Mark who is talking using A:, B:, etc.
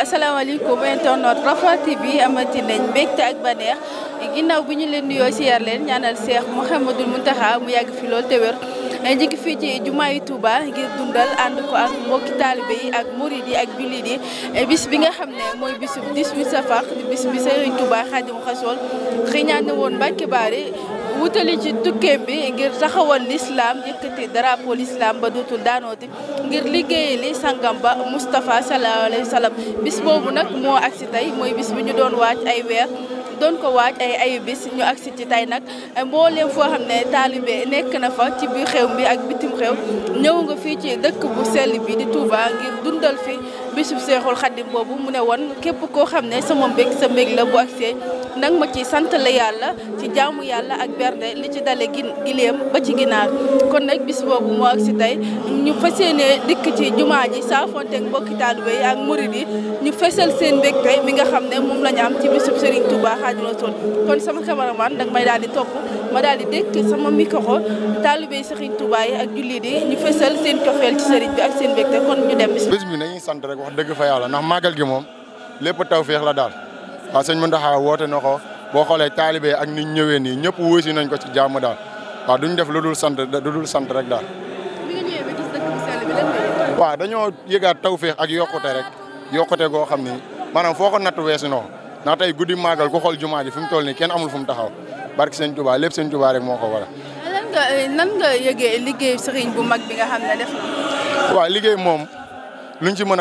A: asalaamaaleykum internet Rafah TV amati nañ mbégte ak baneex ginnaaw bi ñu leen nuyoo si yar leen ñaanal Cheikh Mouhamadul Mountakha mu yàgg fi lool te wér eh, ñu ngi fii ci jumaayu Touba ngir dundal ànd ko ak mbokki taalibe yi ak murid yi ak jullit yi eh, bis bi nga xam ne mooy bisub sa safar bis bi Serigne Touba Xaadimu Rasuul xëy na woon Mbàkke Baari wutali ci tukkeem bi ngir taxawal lislaam yëkkati drapeau lislaam ba dootul daanooti ngir liggéeyal li sangam ba Moustapha sallallahu alayhi wa sallam bis boobu nag moo agsi tey mooy bis bi ñu doon waaj ay weer doon ko waaj ay ayu bis ñu agsi ci tey nag mbooleem foo xam ne taalibe nekk na fa ci biir xew bi ak bitim xew ñëw nga fii ci dëkk bu sell bi di Touba ngir dundal fi bisub Seexul Xaddim boobu mu ne woon képp koo xam ne sama mbég sa mbég la bu agsee nag ma ci santale yàlla ci jaamu yàlla ak berde li ci dale gin giléem ba ci ginaar kon nag bis boobu moo ak si tey ñu fas yéene dikk ci jumaa ji saafonteeg mbokki taalibe yi ak murid yi ñu fesal seen mbégte mi nga xam ne moom la am ci bisub Serigne Touba Xaadimu Rasuul kon sama cameraman nag may daal di topp ma daal di dékk sama micro taalibe yi Serigne Touba yi ak jullit yi ñu fesal seen cofeel ci Serigne bi ak seen mbégte kon ñu dem bis
B: bi nañuy sant rek wax dëgg fa yàlla ndax màggal gi moom lépp tawfeex la daal waaw sëñ Mountakha woote na ko boo xoolee taalibe ak ni ñëwee nii ñëpp wuyu si nañ ko ci jàmm daal waaw duñ def lu dul sant lu dul sant rek daal. waaw dañoo yëgaat tawféex ak yokkute rek yokkute goo xam ni maanaam foo ko natt weesu noo ndax tey guddi màggal ku xool jumaa ji fi mu toll nii kenn amul fu mu taxaw barke sëñ Touba lépp sëñ Touba rek moo ko waral.
A: Eh, nan nga yëgee liggéey sëriñ bu mag bi nga xam ne def
B: waaw liggéey moom luñ ci